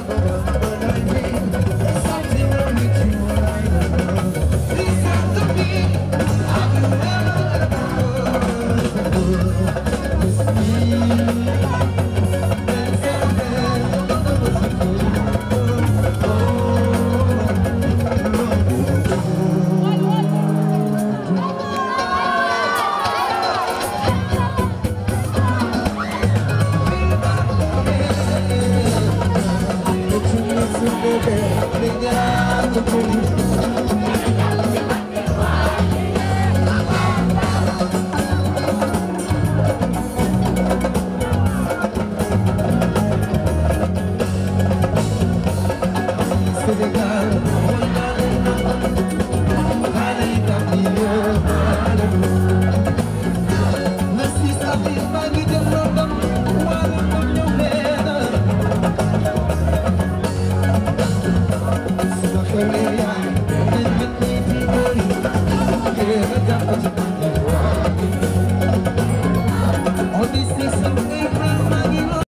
Thank you. obrigado por Hey, let's go.